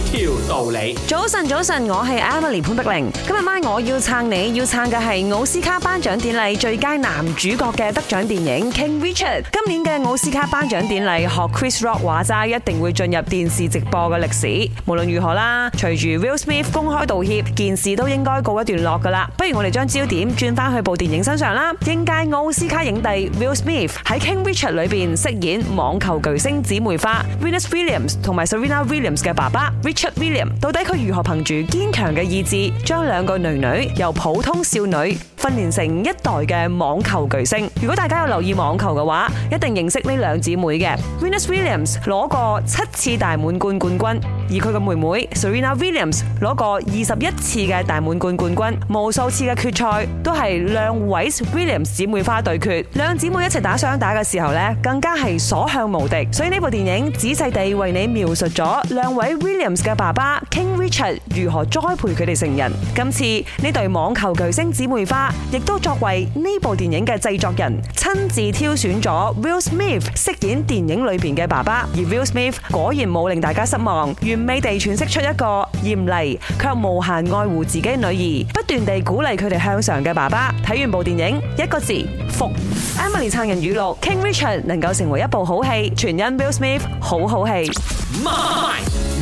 條道理。早晨，早晨，我係 Emily 潘碧玲。今日晚我要撐你，要撐嘅係奧斯卡頒獎典禮最佳男主角嘅得獎電影 King Richard。今年嘅奧斯卡頒獎典禮學 Chris Rock 話齋，一定會進入電視直播嘅歷史。無論如何啦，隨住 Will Smith 公開道歉，件事都應該告一段落噶啦。不如我哋將焦點轉翻去部電影身上啦。應屆奧斯卡影帝 Will Smith 喺 King Richard 裏邊飾演網球巨星姊妹花 Venus Williams 同埋 Serena Williams 嘅爸爸。Richard William，到底佢如何憑住堅強嘅意志女女，將兩個囡囡由普通少女，訓練成一代嘅網球巨星。如果大家有留意網球嘅話，一定認識呢兩姊妹嘅。Venus Williams 攞過七次大滿貫冠軍，而佢嘅妹妹 Serena Williams 攞過二十一次嘅大滿貫冠軍，無數次嘅決賽都係兩位 Williams 姊妹花對決。兩姊妹一齊打雙打嘅時候呢，更加係所向無敵。所以呢部電影仔細地為你描述咗兩位 Williams 嘅爸爸 King Richard 如何栽培佢哋成人。今次呢對網球巨星姊妹花。亦都作為呢部電影嘅製作人，親自挑選咗 Will Smith 飾演電影裏邊嘅爸爸，而 Will Smith 果然冇令大家失望，完美地詮釋出一個嚴厲卻無限愛護自己女兒、不斷地鼓勵佢哋向上嘅爸爸。睇完部電影，一個字服。Emily 撐人語錄：King Richard 能夠成為一部好戲，全因 Will Smith 好好戲。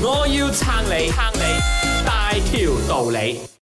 我要撐你，撐你大條道理。